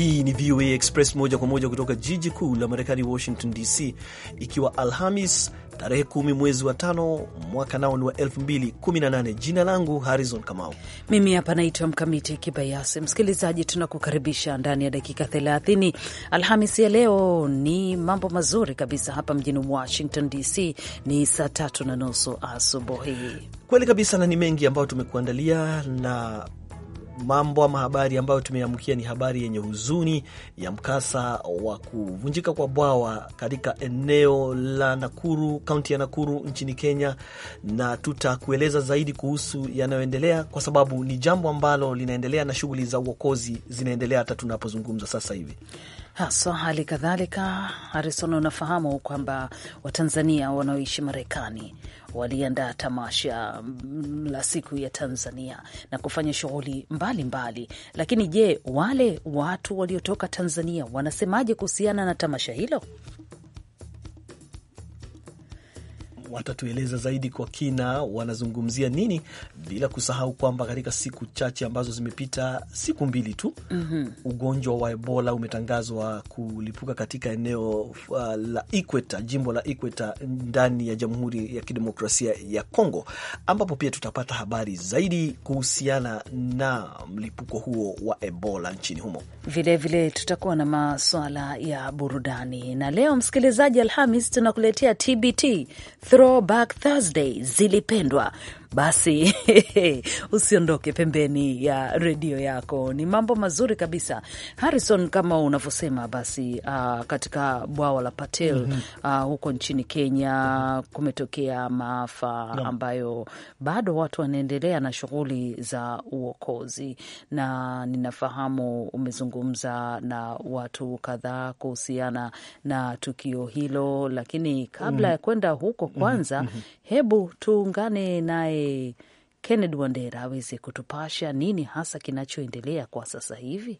Hii ni VOA Express moja kwa moja kutoka jiji kuu la Marekani, Washington DC, ikiwa Alhamis tarehe kumi mwezi wa tano mwaka nao ni wa nane. Jina langu Harrison Kamau, mimi hapa naitwa Mkamiti Kibayasi. Msikilizaji, tunakukaribisha ndani ya dakika 30 Alhamis ya leo. Ni mambo mazuri kabisa hapa mjini Washington DC, ni saa tatu na nusu asubuhi. Kweli kabisa, na ni mengi ambayo tumekuandalia na mambo ama habari ambayo tumeamkia ni habari yenye huzuni ya mkasa wa kuvunjika kwa bwawa katika eneo la Nakuru, kaunti ya Nakuru nchini Kenya, na tutakueleza zaidi kuhusu yanayoendelea, kwa sababu ni jambo ambalo linaendelea na shughuli za uokozi zinaendelea hata tunapozungumza sasa hivi haswa. Hali kadhalika, Harison, unafahamu kwamba Watanzania wanaoishi Marekani waliandaa tamasha mm, la siku ya Tanzania na kufanya shughuli mbalimbali, lakini je, wale watu waliotoka Tanzania wanasemaje kuhusiana na tamasha hilo? watatueleza zaidi kwa kina wanazungumzia nini, bila kusahau kwamba katika siku chache ambazo zimepita, siku mbili tu, mm -hmm. ugonjwa wa Ebola umetangazwa kulipuka katika eneo uh, la Ikweta, jimbo la Ikweta ndani ya Jamhuri ya Kidemokrasia ya Kongo, ambapo pia tutapata habari zaidi kuhusiana na mlipuko huo wa Ebola nchini humo. Vilevile vile tutakuwa na maswala ya burudani, na leo msikilizaji, Alhamis tunakuletea TBT Throwback Thursday zilipendwa. Basi usiondoke pembeni ya redio yako, ni mambo mazuri kabisa Harrison, kama unavyosema. Basi uh, katika bwawa la Patel mm -hmm. uh, huko nchini Kenya kumetokea maafa no. ambayo bado watu wanaendelea na shughuli za uokozi, na ninafahamu umezungumza na watu kadhaa kuhusiana na tukio hilo, lakini kabla mm -hmm. ya kwenda huko kwa mhm kwanza. Mhm, mhm. Hebu tuungane naye Kennedy Wandera aweze kutupasha nini hasa kinachoendelea kwa sasa hivi.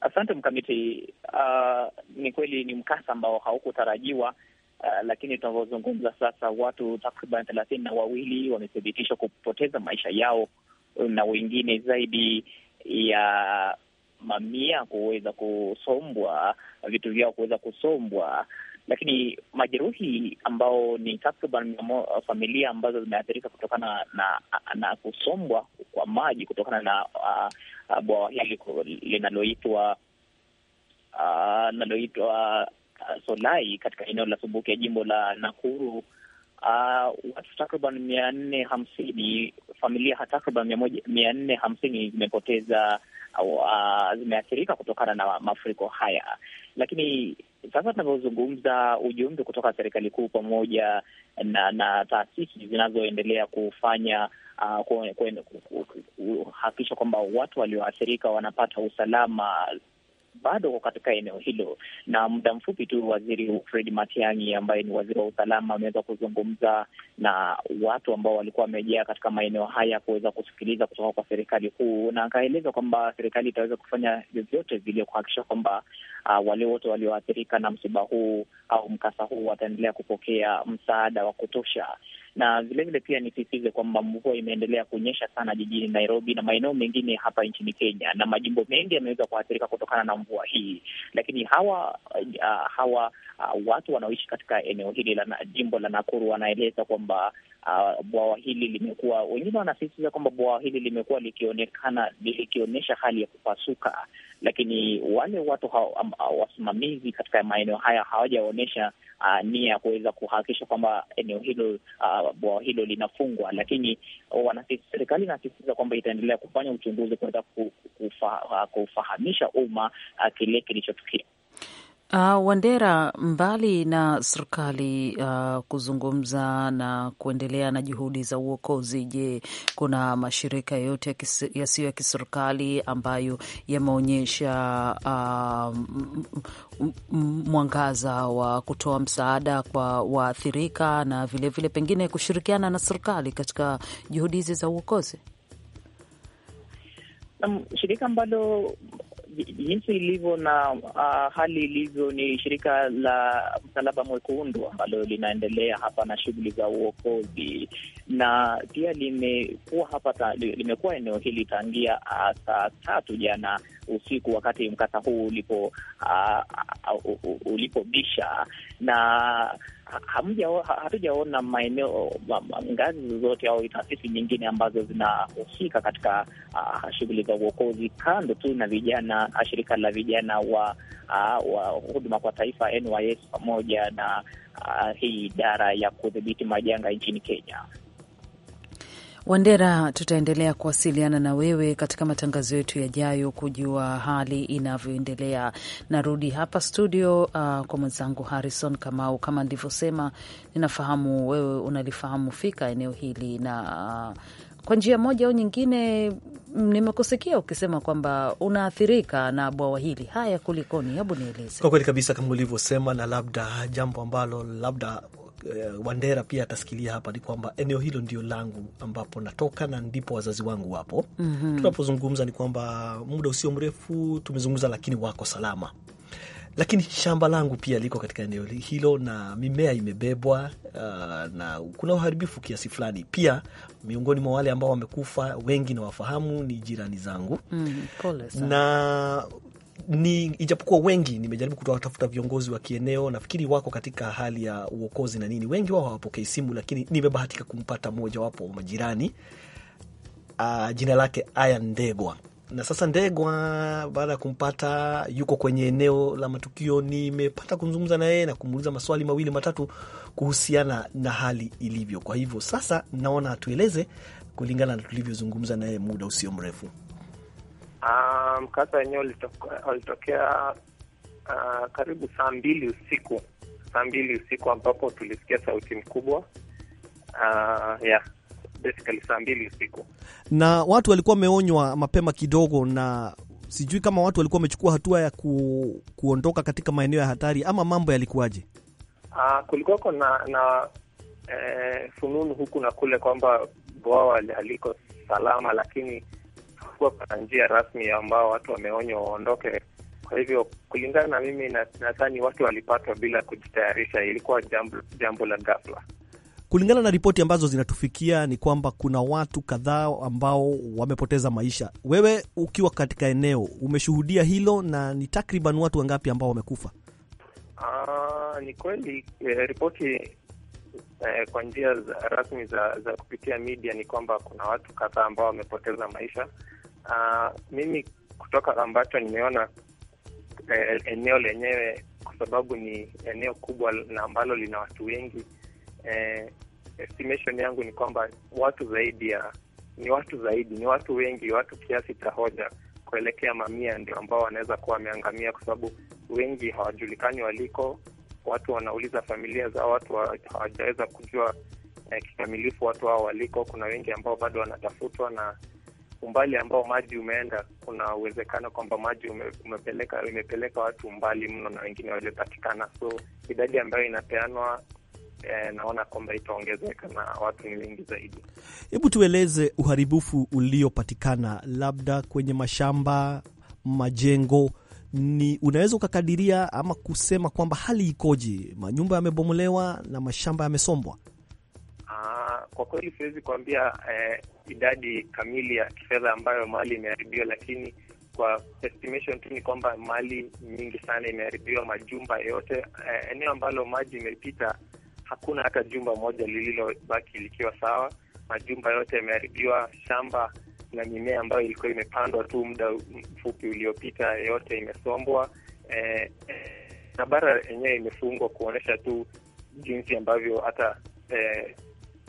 Asante Mkamiti. Uh, ni kweli ni mkasa ambao haukutarajiwa. Uh, lakini tunavyozungumza sasa watu takriban thelathini na wawili wamethibitishwa kupoteza maisha yao na wengine zaidi ya mamia kuweza kusombwa, vitu vyao kuweza kusombwa, lakini majeruhi ambao ni takriban familia ambazo zimeathirika kutokana na, na, na kusombwa kwa maji kutokana na uh, bwawa hili linaloitwa linaloitwa uh, uh, Solai katika eneo la subuki ya jimbo la Nakuru. Uh, watu takriban mia nne hamsini familia takriban mia nne hamsini zimepoteza uh, zimeathirika kutokana na mafuriko haya, lakini sasa tunavyozungumza, ujumbe kutoka serikali kuu pamoja na, na taasisi zinazoendelea kufanya ah, kuhakikisha kwamba watu walioathirika wanapata usalama bado ko katika eneo hilo, na muda mfupi tu waziri Fred Matiang'i ambaye ni waziri wa usalama ameweza kuzungumza na watu ambao walikuwa wamejaa katika maeneo haya kuweza kusikiliza kutoka kwa serikali kuu, na akaeleza kwamba serikali itaweza kufanya vyovyote vile kuhakikisha kwamba uh, wale wote walioathirika na msiba huu au mkasa huu wataendelea kupokea msaada wa kutosha na vilevile pia nisisitize kwamba mvua imeendelea kunyesha sana jijini Nairobi na maeneo mengine hapa nchini Kenya, na majimbo mengi yameweza kuathirika kutokana na mvua hii. Lakini hawa uh, hawa uh, watu wanaoishi katika eneo hili la jimbo la Nakuru wanaeleza kwamba uh, bwawa hili limekuwa, wengine wanasisitiza kwamba bwawa hili limekuwa likionekana likionyesha hali ya kupasuka lakini wale watu hao, um, wasimamizi katika maeneo haya hawajaonyesha uh, nia ya kuweza kuhakikisha kwamba eneo hilo uh, bwawa hilo linafungwa, lakini serikali inasisitiza kwamba itaendelea kufanya uchunguzi kuweza kufa, kufahamisha umma uh, kile kilichotukia. Uh, Wandera, mbali na serikali uh, kuzungumza na kuendelea na juhudi za uokozi, je, kuna mashirika yote yasiyo ya kiserikali ambayo yameonyesha uh, mwangaza wa kutoa msaada kwa waathirika na vilevile vile pengine kushirikiana na serikali katika juhudi hizi za uokozi? Um, shirika ambalo jinsi ilivyo na uh, hali ilivyo ni shirika la Msalaba Mwekundu ambalo linaendelea hapa na shughuli za uokozi, na pia limekuwa hapa, limekuwa eneo hili tangia uh, saa tatu jana usiku, wakati mkasa huu ulipo uh, uh, uh ulipobisha na hatujaona maeneo ngazi zozote au taasisi nyingine ambazo zinahusika katika uh, shughuli za uokozi kando tu na vijana, shirika la vijana wa, uh, wa huduma kwa taifa NYS pamoja na uh, hii idara ya kudhibiti majanga nchini Kenya. Wandera, tutaendelea kuwasiliana na wewe katika matangazo yetu yajayo kujua hali inavyoendelea. Narudi hapa studio, uh, kwa mwenzangu Harrison Kamau. Kama nilivyosema, ninafahamu wewe unalifahamu fika eneo hili na uh, kwa njia moja au nyingine nimekusikia ukisema kwamba unaathirika na bwawa hili. Haya, kulikoni? Hebu nieleze. Kwa kweli kabisa, kama ulivyosema, na labda jambo ambalo labda uh, Wandera pia atasikilia hapa, ni kwamba eneo hilo ndio langu ambapo natoka na ndipo wazazi wangu wapo. mm -hmm. Tunapozungumza ni kwamba muda usio mrefu tumezungumza, lakini wako salama lakini shamba langu pia liko katika eneo hilo na mimea imebebwa, uh, na kuna uharibifu kiasi fulani. Pia miongoni mwa wale ambao wamekufa wengi na wafahamu ni jirani zangu. Mm, pole sana. Na ni ijapokuwa wengi nimejaribu kutafuta viongozi wa kieneo, nafikiri wako katika hali ya uokozi na nini, wengi wao hawapokei simu, lakini nimebahatika kumpata mmojawapo wa majirani uh, jina lake Aya Ndegwa na sasa Ndegwa, baada ya kumpata, yuko kwenye eneo la matukio. Nimepata kuzungumza na yeye na kumuuliza maswali mawili matatu kuhusiana na hali ilivyo. Kwa hivyo sasa naona atueleze kulingana na tulivyozungumza naye muda usio mrefu. Ah, mkasa um, wenyewe ulitokea uh, karibu saa mbili usiku, saa mbili usiku ambapo tulisikia sauti mkubwa uh, yeah. Basically saa mbili usiku, na watu walikuwa wameonywa mapema kidogo, na sijui kama watu walikuwa wamechukua hatua ya ku, kuondoka katika maeneo ya hatari ama mambo yalikuwaje? Uh, kulikuwako na, na eh, fununu huku na kule kwamba bwawa haliko salama, lakini hakuwa kwa njia rasmi ambao watu wameonywa waondoke. Kwa hivyo kulingana na mimi, nadhani watu walipatwa bila kujitayarisha, ilikuwa jambo, jambo la ghafla. Kulingana na ripoti ambazo zinatufikia ni kwamba kuna watu kadhaa ambao wamepoteza maisha. Wewe ukiwa katika eneo umeshuhudia hilo, na ni takriban watu wangapi ambao wamekufa? Aa, ah, ni kweli eh, ripoti eh, kwa njia rasmi za, za kupitia media ni kwamba kuna watu kadhaa ambao wamepoteza maisha Uh, mimi kutoka ambacho nimeona eh, eneo lenyewe kwa sababu ni eneo kubwa na ambalo lina watu wengi eh, estimation yangu ni kwamba watu zaidi ya ni watu zaidi ni watu wengi, watu kiasi cha hoja kuelekea mamia ndio ambao wanaweza kuwa wameangamia, kwa sababu wengi hawajulikani waliko. Watu wanauliza familia zao, watu hawajaweza kujua eh, kikamilifu watu hao waliko. Kuna wengi ambao bado wanatafutwa na umbali ambao maji umeenda, kuna uwezekano kwamba maji ume, umepeleka imepeleka watu mbali mno na wengine waliopatikana. So idadi ambayo inapeanwa eh, naona kwamba itaongezeka na watu ni wengi zaidi. Hebu tueleze uharibifu uliopatikana, labda kwenye mashamba, majengo ni unaweza ukakadiria ama kusema kwamba hali ikoje? Manyumba yamebomolewa na mashamba yamesombwa? kwa kweli siwezi kuambia eh, idadi kamili ya kifedha ambayo mali imeharibiwa, lakini kwa estimation tu ni kwamba mali nyingi sana imeharibiwa, majumba yote. Eh, eneo ambalo maji imepita hakuna hata jumba moja lililobaki likiwa sawa. Majumba yote yameharibiwa, shamba na mimea ambayo ilikuwa imepandwa tu muda mfupi uliopita yote imesombwa. Eh, na eh, bara yenyewe imefungwa kuonyesha tu jinsi ambavyo hata eh,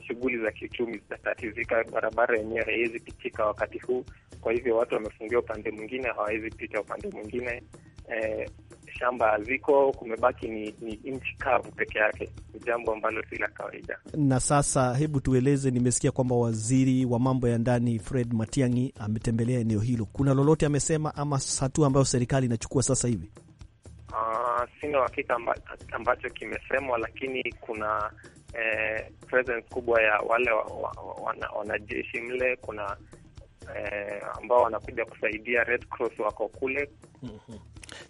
shughuli za kiuchumi zitatatizika, barabara yenyewe haiwezi pitika wakati huu. Kwa hivyo watu wamefungia upande mwingine, hawawezi pita upande mwingine. E, shamba haziko, kumebaki ni, ni nchi kavu peke yake, ni jambo ambalo si la kawaida. Na sasa, hebu tueleze, nimesikia kwamba waziri wa mambo ya ndani Fred Matiang'i ametembelea eneo hilo. Kuna lolote amesema ama hatua ambayo serikali inachukua sasa hivi? Uh, sina uhakika amba, ambacho kimesemwa, lakini kuna eh, presence kubwa ya wale wanajeshi wana, wana mle kuna eh, ambao wanakuja kusaidia Red Cross wako kule mm -hmm.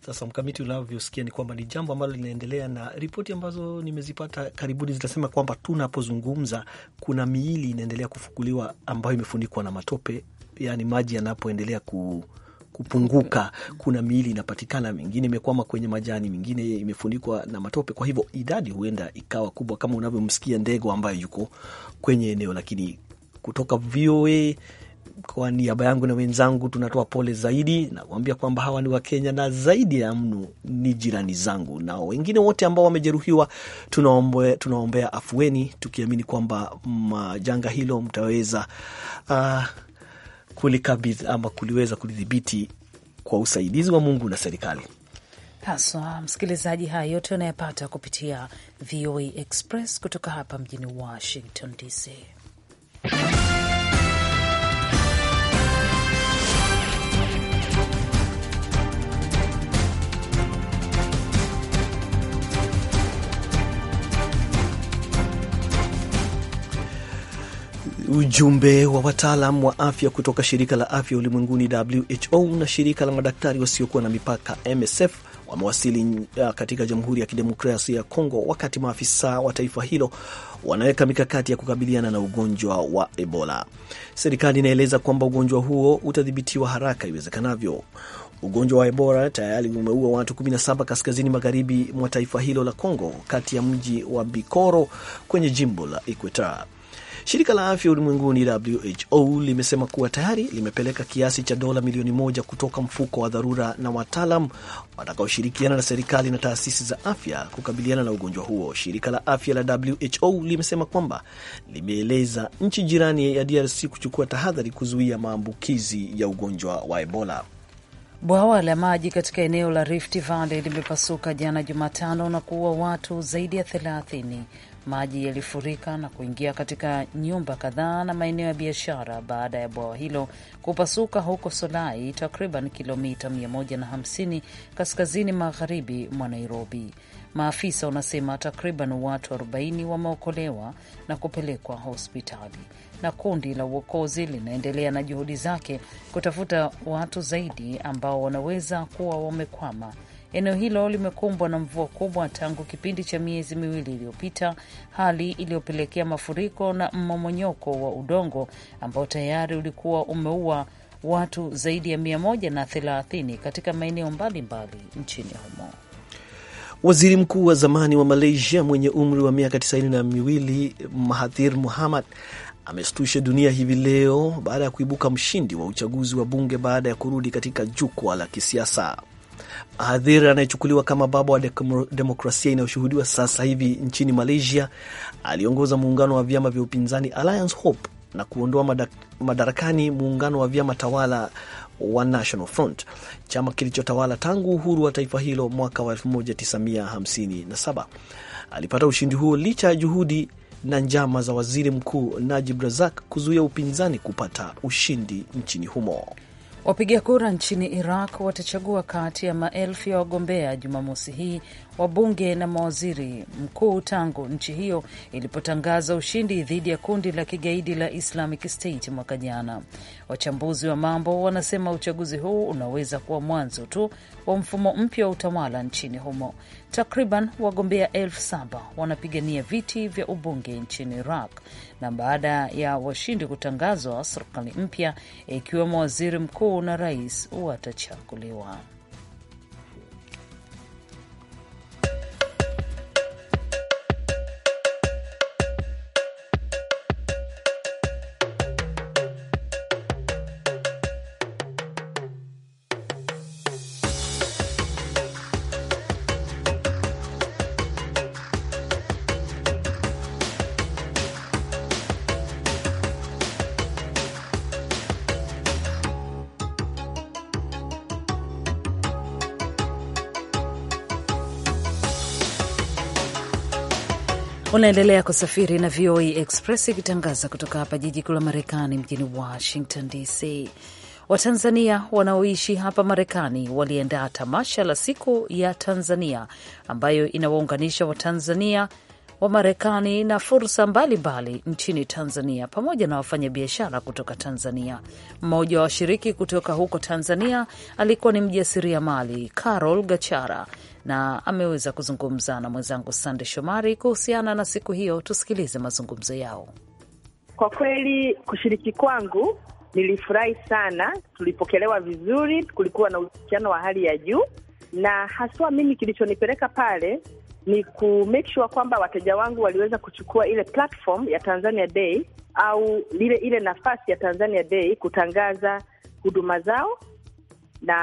Sasa mkamiti, unavyosikia ni kwamba ni jambo ambalo linaendelea, na ripoti ambazo nimezipata karibuni zitasema kwamba tunapozungumza kuna miili inaendelea kufukuliwa ambayo imefunikwa na matope, yaani maji yanapoendelea ku kupunguka. Kuna miili inapatikana, mingine imekwama kwenye majani, mingine imefunikwa na matope. Kwa hivyo idadi huenda ikawa kubwa, kama unavyomsikia Ndego ambayo yuko kwenye eneo. Lakini kutoka VOA kwa niaba yangu na wenzangu tunatoa pole zaidi na kuambia kwamba hawa ni Wakenya na zaidi ya mno ni jirani zangu, na wengine wote ambao wamejeruhiwa tunaombe, tunaombea afueni tukiamini kwamba janga hilo mtaweza uh, kulikabidhi ama kuliweza kulidhibiti kwa usaidizi wa Mungu na serikali haswa. Msikilizaji, haya yote unayepata kupitia VOA Express kutoka hapa mjini Washington DC. Ujumbe wa wataalam wa afya kutoka shirika la afya ulimwenguni WHO na shirika la madaktari wasiokuwa na mipaka MSF wamewasili uh, katika Jamhuri ya Kidemokrasia ya Kongo, wakati maafisa wa taifa hilo wanaweka mikakati ya kukabiliana na ugonjwa wa Ebola. Serikali inaeleza kwamba ugonjwa huo utadhibitiwa haraka iwezekanavyo. Ugonjwa wa Ebola tayari umeua watu 17 kaskazini magharibi mwa taifa hilo la Kongo, kati ya mji wa Bikoro kwenye jimbo la Equateur. Shirika la afya ulimwenguni WHO limesema kuwa tayari limepeleka kiasi cha dola milioni moja kutoka mfuko wa dharura na wataalam watakaoshirikiana na serikali na taasisi za afya kukabiliana na ugonjwa huo. Shirika la afya la WHO limesema kwamba limeeleza nchi jirani ya DRC kuchukua tahadhari kuzuia maambukizi ya ugonjwa wa Ebola. Bwawa la maji katika eneo la Rift Valley limepasuka jana Jumatano na kuua watu zaidi ya thelathini Maji yalifurika na kuingia katika nyumba kadhaa na maeneo ya biashara baada ya bwawa hilo kupasuka huko Solai, takriban kilomita 150 kaskazini magharibi mwa Nairobi. Maafisa wanasema takriban watu 40 wameokolewa na kupelekwa hospitali, na kundi la uokozi linaendelea na juhudi zake kutafuta watu zaidi ambao wanaweza kuwa wamekwama Eneo hilo limekumbwa na mvua kubwa tangu kipindi cha miezi miwili iliyopita, hali iliyopelekea mafuriko na mmomonyoko wa udongo ambao tayari ulikuwa umeua watu zaidi ya 130 katika maeneo mbalimbali nchini humo. Waziri mkuu wa zamani wa Malaysia mwenye umri wa miaka 9 na miwili Mahathir Muhammad amestusha dunia hivi leo baada ya kuibuka mshindi wa uchaguzi wa bunge baada ya kurudi katika jukwaa la kisiasa. Hadhir anayechukuliwa kama baba wa demokrasia inayoshuhudiwa sasa hivi nchini Malaysia aliongoza muungano wa vyama vya upinzani Alliance Hope na kuondoa madarakani muungano wa vyama tawala wa National Front, chama kilichotawala tangu uhuru wa taifa hilo mwaka wa 1957. Alipata ushindi huo licha ya juhudi na njama za waziri mkuu Najib Razak kuzuia upinzani kupata ushindi nchini humo. Wapiga kura nchini Iraq watachagua kati ya maelfu ya wagombea Jumamosi hii wa bunge na mawaziri mkuu tangu nchi hiyo ilipotangaza ushindi dhidi ya kundi la kigaidi la Islamic State mwaka jana. Wachambuzi wa mambo wanasema uchaguzi huu unaweza kuwa mwanzo tu wa mfumo mpya wa utawala nchini humo. Takriban wagombea elfu saba wanapigania viti vya ubunge nchini Iraq, na baada ya washindi kutangazwa, serikali mpya ikiwemo waziri mkuu na rais watachaguliwa. Unaendelea kusafiri na VOA e Express ikitangaza kutoka hapa jiji kuu la Marekani, mjini Washington DC. Watanzania wanaoishi hapa Marekani waliandaa tamasha la siku ya Tanzania ambayo inawaunganisha Watanzania wa Marekani na fursa mbalimbali mbali nchini Tanzania pamoja na wafanyabiashara kutoka Tanzania. Mmoja wa washiriki kutoka huko Tanzania alikuwa ni mjasiriamali Carol Gachara na ameweza kuzungumza na mwenzangu Sande Shomari kuhusiana na siku hiyo. Tusikilize mazungumzo yao. Kwa kweli kushiriki kwangu nilifurahi sana, tulipokelewa vizuri, kulikuwa na ushirikiano wa hali ya juu, na haswa mimi kilichonipeleka pale ni ku make sure kwamba wateja wangu waliweza kuchukua ile platform ya Tanzania Day au lile ile nafasi ya Tanzania Day kutangaza huduma zao, na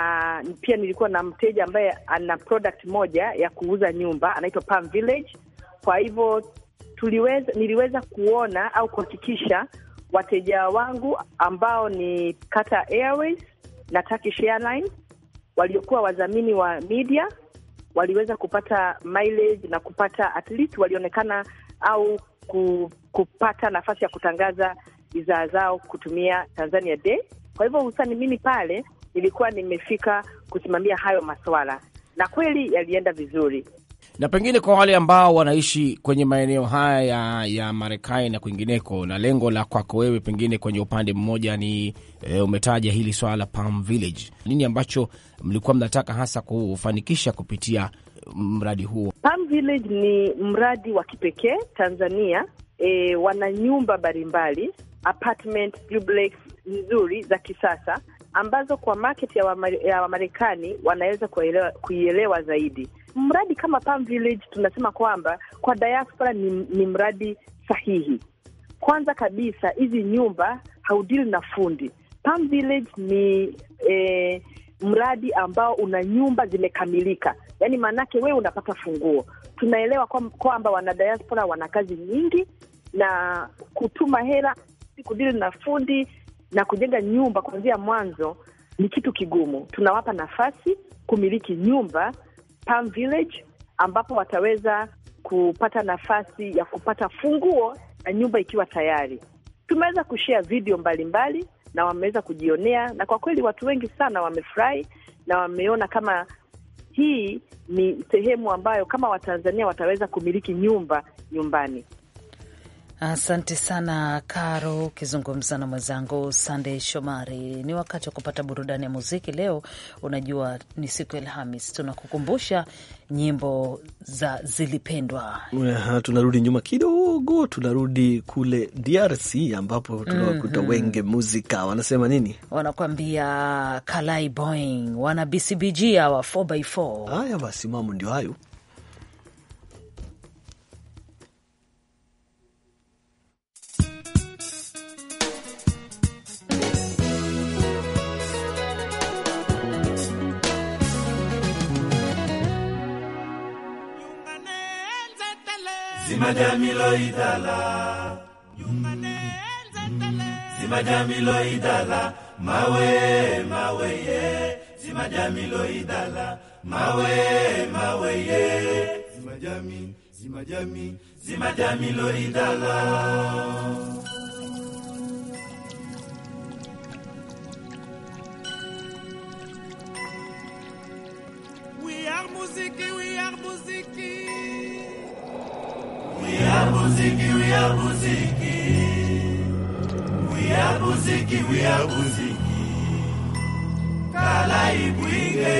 pia nilikuwa na mteja ambaye ana product moja ya kuuza nyumba anaitwa Palm Village. Kwa hivyo tuliweza, niliweza kuona au kuhakikisha wateja wangu ambao ni Qatar Airways na Turkish Airlines waliokuwa wadhamini wa media waliweza kupata mileage na kupata at least walionekana au ku, kupata nafasi ya kutangaza bidhaa zao kutumia Tanzania Day. Kwa hivyo hususani mimi pale nilikuwa nimefika kusimamia hayo maswala na kweli yalienda vizuri. Na pengine kwa wale ambao wanaishi kwenye maeneo haya ya, ya Marekani na kwingineko, na lengo la kwako wewe pengine kwenye upande mmoja ni e, umetaja hili swala la Palm Village, nini ambacho mlikuwa mnataka hasa kufanikisha kupitia mm, mradi huo? Palm Village ni mradi wa kipekee Tanzania. E, wana nyumba mbalimbali apartment duplex nzuri za kisasa ambazo kwa market ya Wamarekani wanaweza kuielewa zaidi mradi kama Palm Village tunasema kwamba kwa diaspora ni, ni mradi sahihi. Kwanza kabisa hizi nyumba haudili na fundi. Palm Village ni eh, mradi ambao una nyumba zimekamilika, yaani maanake wewe unapata funguo. Tunaelewa kwamba kwa wanadiaspora wana kazi nyingi na kutuma hela, kudili na fundi na kujenga nyumba kuanzia mwanzo ni kitu kigumu. Tunawapa nafasi kumiliki nyumba Palm Village ambapo wataweza kupata nafasi ya kupata funguo na nyumba ikiwa tayari. Tumeweza kushea video mbalimbali mbali, na wameweza kujionea, na kwa kweli watu wengi sana wamefurahi na wameona kama hii ni sehemu ambayo kama Watanzania wataweza kumiliki nyumba nyumbani. Asante sana Karo, ukizungumza na mwenzangu Sandey Shomari. Ni wakati wa kupata burudani ya muziki leo. Unajua ni siku ya Alhamis, tunakukumbusha nyimbo za zilipendwa. Tunarudi nyuma kidogo, tunarudi kule DRC ambapo tunawakuta mm -hmm. Wenge Muzika wanasema nini? Wanakuambia kalai boing, wana BCBG hawa 4x4. Haya basi, mamo ndio hayo Simajamilo idala Simajamilo idala mawe mawe ye Simajamilo idala mawe mawe ye Simajami Simajami Simajamilo idala we are Buziki. We are Buziki, we are Buziki. Kala Ibwige.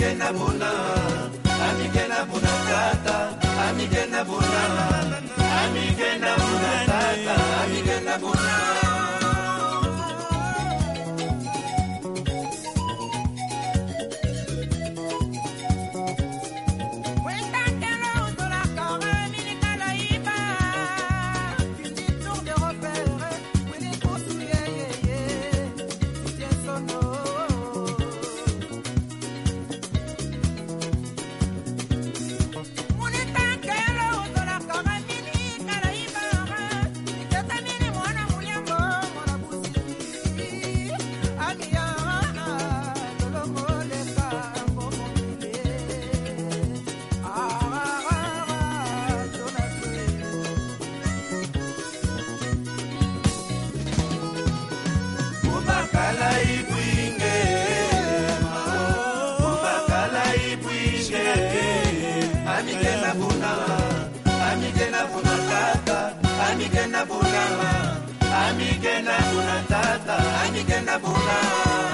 amike na bona amike na bona tata amike na bona amike na amigenda buna amigenda buna tata amigenda buna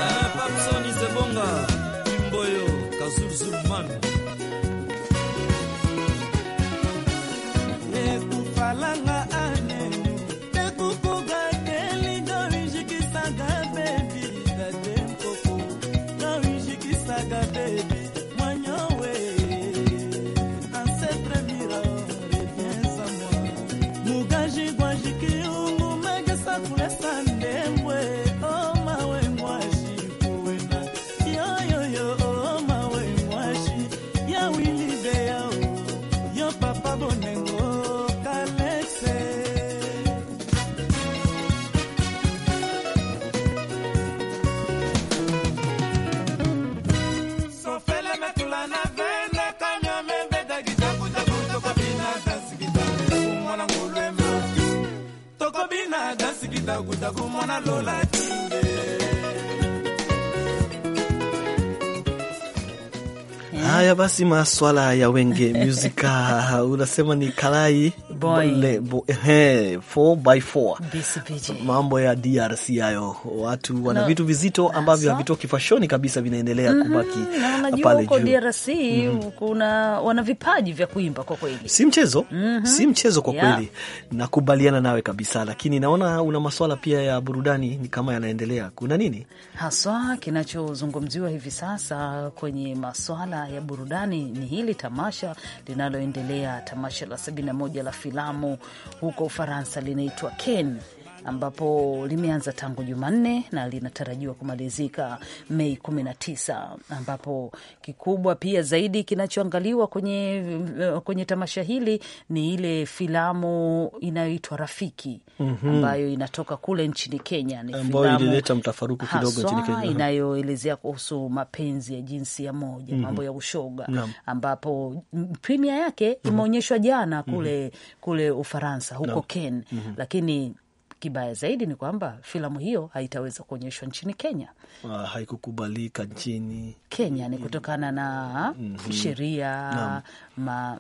ah, papson is the bonga Haya basi, maswala ya wenge musika unasema ni kalai Mambo ya DRC hayo, watu wana vitu vizito ambavyo havitoki fashoni kabisa, vinaendelea mm -hmm. kubaki pale juu DRC mm -hmm. kuna wana vipaji vya kuimba kwa kweli, si mchezo mm -hmm. si mchezo kwa yeah. kweli, nakubaliana nawe kabisa, lakini naona una maswala pia ya burudani ni kama yanaendelea. Kuna nini haswa kinachozungumziwa hivi sasa kwenye maswala ya burudani? Ni hili tamasha linaloendelea, tamasha la 71 la filamu huko Ufaransa linaitwa Ken ambapo limeanza tangu Jumanne na linatarajiwa kumalizika Mei 19 ambapo kikubwa pia zaidi kinachoangaliwa kwenye, eh, kwenye tamasha hili ni ile filamu inayoitwa Rafiki mhm. ambayo inatoka kule nchini Kenya. Ni ambayo ilileta mtafaruku kidogo nchini Kenya, inayoelezea kuhusu mapenzi ya jinsia moja mm -hmm. mambo ya ushoga mm -hmm. ambapo premia yake mhm. imeonyeshwa jana mhm. kule, mm -hmm. kule Ufaransa huko no. Ken mm -hmm. lakini Kibaya zaidi ni kwamba filamu hiyo haitaweza kuonyeshwa nchini Kenya. Uh, haikukubalika nchini Kenya ni kutokana na mm -hmm. sheria ma, ma,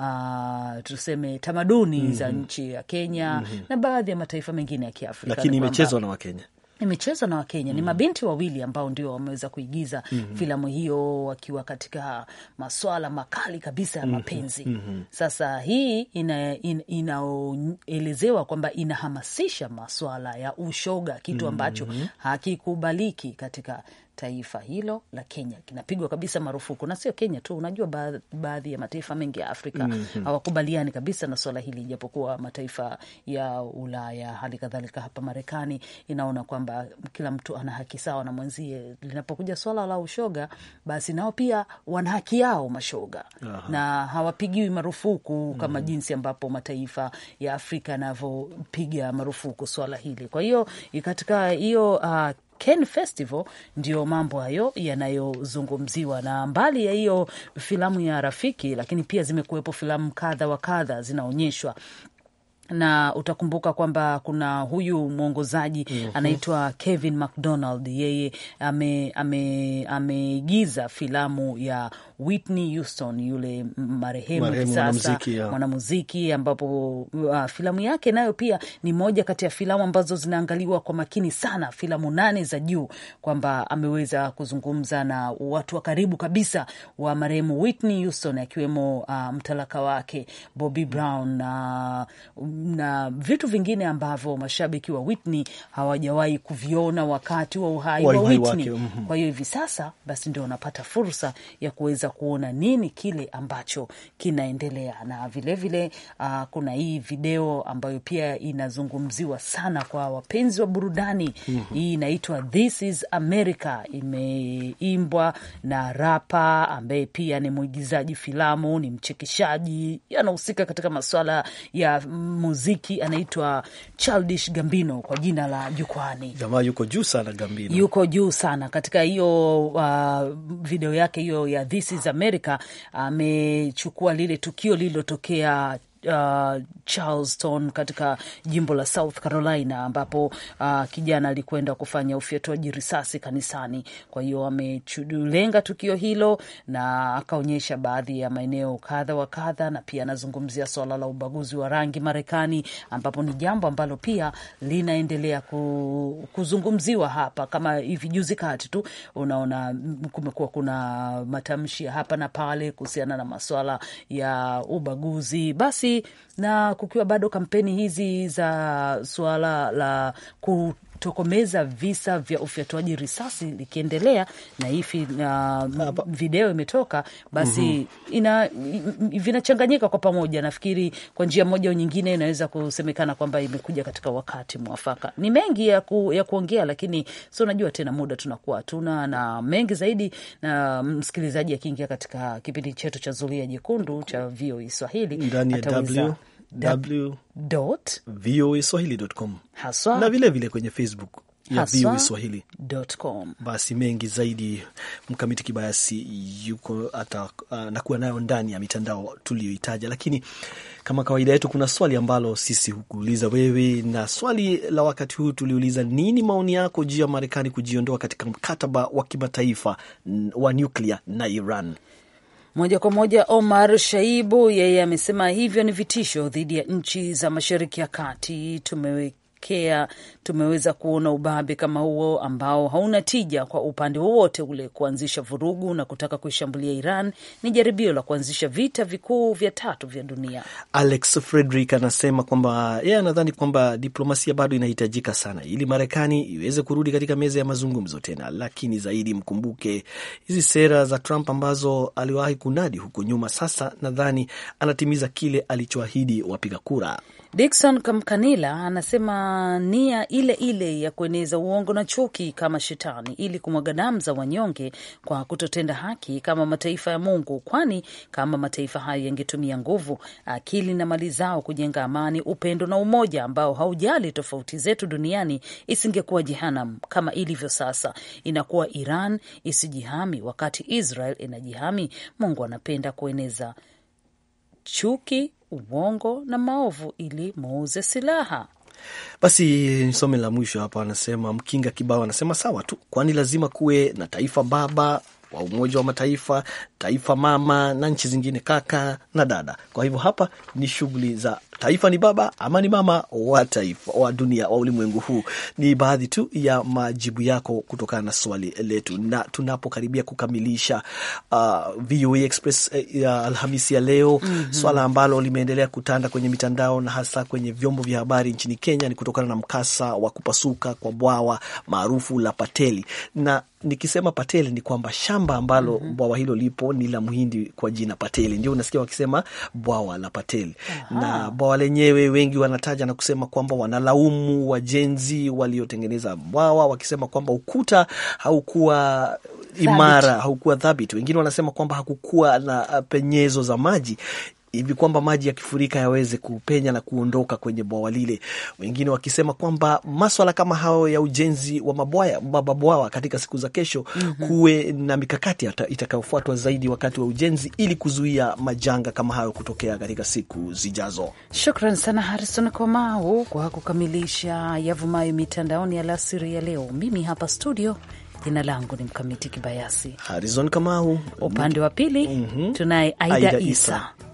ah, tuseme tamaduni mm -hmm. za nchi ya Kenya mm -hmm. na baadhi ya mataifa mengine ya Kiafrika, lakini imechezwa na Wakenya imechezwa na Wakenya mm. Ni mabinti wawili ambao ndio wameweza kuigiza mm -hmm. filamu hiyo wakiwa katika maswala makali kabisa ya mm-hmm. mapenzi mm -hmm. Sasa hii inaelezewa ina, ina kwamba inahamasisha maswala ya ushoga, kitu mm-hmm. ambacho mm -hmm. hakikubaliki katika taifa hilo la Kenya kinapigwa kabisa marufuku, na sio Kenya tu, unajua baadhi, ya mataifa mengi ya Afrika mm -hmm. hawakubaliani kabisa na swala hili, ijapokuwa mataifa ya Ulaya hali kadhalika hapa Marekani inaona kwamba kila mtu ana haki sawa na mwenzie. Linapokuja swala la ushoga, basi nao pia wana haki yao mashoga. Aha. na hawapigiwi marufuku kama mm -hmm. jinsi ambapo mataifa ya Afrika yanavyopiga marufuku swala hili. Kwa hiyo katika hiyo uh, Ken Festival, ndiyo mambo hayo yanayozungumziwa. Na mbali ya hiyo filamu ya Rafiki, lakini pia zimekuwepo filamu kadha wa kadha zinaonyeshwa na utakumbuka kwamba kuna huyu mwongozaji mm -hmm. anaitwa Kevin McDonald, yeye ameigiza ame, ame filamu ya Whitney Houston, yule marehemu hivi sasa mwanamuziki, ambapo uh, filamu yake nayo pia ni moja kati ya filamu ambazo zinaangaliwa kwa makini sana, filamu nane za juu, kwamba ameweza kuzungumza na watu wa karibu kabisa wa marehemu Whitney Houston, akiwemo uh, mtalaka wake Bobby Brown na uh, na vitu vingine ambavyo mashabiki wa Whitney hawajawahi kuviona wakati wa uhai wa Whitney. Mhm. Kwa hiyo hivi sasa basi ndio wanapata fursa ya kuweza kuona nini kile ambacho kinaendelea, na vilevile vile, uh, kuna hii video ambayo pia inazungumziwa sana kwa wapenzi wa burudani mm -hmm. Hii inaitwa This is America, imeimbwa na rapa ambaye pia ni mwigizaji filamu, ni mchekeshaji, anahusika katika masuala ya mm, muziki anaitwa Childish Gambino kwa jina la jukwani. Jamaa yuko juu sana Gambino. Yuko juu sana katika hiyo uh, video yake hiyo ya This is America amechukua uh, lile tukio lililotokea uh, Charleston katika jimbo la South Carolina ambapo uh, kijana alikwenda kufanya ufyatuaji risasi kanisani. Kwa hiyo amelenga tukio hilo na akaonyesha baadhi ya maeneo kadha wa kadha, na pia anazungumzia swala la ubaguzi wa rangi Marekani, ambapo ni jambo ambalo pia linaendelea kuzungumziwa hapa. Kama hivi juzi kati tu, unaona kumekuwa kuna matamshi hapa na pale kuhusiana na maswala ya ubaguzi basi na kukiwa bado kampeni hizi za suala la ku kutokomeza visa vya ufyatuaji risasi likiendelea, na hivi na video imetoka basi, mm -hmm. ina vinachanganyika kwa pamoja. Nafikiri kwa njia moja au nyingine inaweza kusemekana kwamba imekuja katika wakati mwafaka. Ni mengi ya, ku, ya kuongea, lakini si unajua tena, muda tunakuwa hatuna na mengi zaidi, na msikilizaji akiingia katika kipindi chetu cha Zulia Jekundu cha VOA e Swahili ataweza voaswahili.com na vilevile vile kwenye Facebook ya VOA Swahili. Basi mengi zaidi mkamiti kibayasi yuko ata, uh, nakuwa nayo ndani ya mitandao tuliyoitaja, lakini kama kawaida yetu kuna swali ambalo sisi hukuuliza wewe, na swali la wakati huu tuliuliza, nini maoni yako juu ya Marekani kujiondoa katika mkataba wa kimataifa wa nyuklia na Iran? Moja kwa moja, Omar Shaibu yeye amesema hivyo ni vitisho dhidi ya nchi za Mashariki ya Kati tumewe kutokea tumeweza kuona ubabe kama huo ambao hauna tija kwa upande wowote ule. Kuanzisha vurugu na kutaka kuishambulia Iran ni jaribio la kuanzisha vita vikuu vya tatu vya dunia. Alex Frederick anasema kwamba yeye anadhani kwamba diplomasia bado inahitajika sana ili Marekani iweze kurudi katika meza ya mazungumzo tena, lakini zaidi mkumbuke hizi sera za Trump ambazo aliwahi kunadi huko nyuma. Sasa nadhani anatimiza kile alichoahidi wapiga kura dikson Kamkanila anasema nia ile ile ya kueneza uongo na chuki kama shetani ili kumwaga damu za wanyonge kwa kutotenda haki kama mataifa ya Mungu, kwani kama mataifa hayo yangetumia nguvu, akili na mali zao kujenga amani, upendo na umoja ambao haujali tofauti zetu duniani, isingekuwa jehanam kama ilivyo sasa. Inakuwa Iran isijihami wakati Israel inajihami. Mungu anapenda kueneza chuki uongo na maovu ili muuze silaha. Basi nisome la mwisho hapa, anasema Mkinga Kibao, anasema sawa tu, kwani lazima kuwe na taifa baba wa Umoja wa Mataifa, taifa mama na nchi zingine kaka na dada. Kwa hivyo hapa ni shughuli za taifa ni baba ama ni mama wa taifa wa dunia wa ulimwengu huu. Ni baadhi tu ya majibu yako kutokana na swali letu, na tunapokaribia kukamilisha uh, VOA e Express eh, ya uh, Alhamisi ya leo mm -hmm. Swala ambalo limeendelea kutanda kwenye mitandao na hasa kwenye vyombo vya habari nchini Kenya ni kutokana na mkasa wa kupasuka kwa bwawa maarufu la Pateli na nikisema Pateli ni kwamba shamba ambalo mm -hmm. bwawa hilo lipo ni la Mhindi kwa jina Pateli, ndio unasikia wakisema bwawa la Pateli. Aha. na bwawa lenyewe wengi wanataja na kusema kwamba wanalaumu wajenzi waliotengeneza bwawa wakisema kwamba ukuta haukuwa imara, haukuwa thabiti. Wengine wanasema kwamba hakukuwa na penyezo za maji hivi kwamba maji yakifurika yaweze kupenya na kuondoka kwenye bwawa lile, wengine wakisema kwamba maswala kama hayo ya ujenzi wa mabwaya mababwawa katika siku za kesho mm -hmm. kuwe na mikakati itakayofuatwa zaidi wakati wa ujenzi ili kuzuia majanga kama hayo kutokea katika siku zijazo. Shukran sana Harrison Kamau kwa kukamilisha yavumayo mitandaoni alasiri ya leo. Mimi hapa studio Jina langu ni Mkamiti Kibayasi, Harizon Kamau upande wa pili. mm -hmm. Tunaye Aida, Aida Isa, Isa.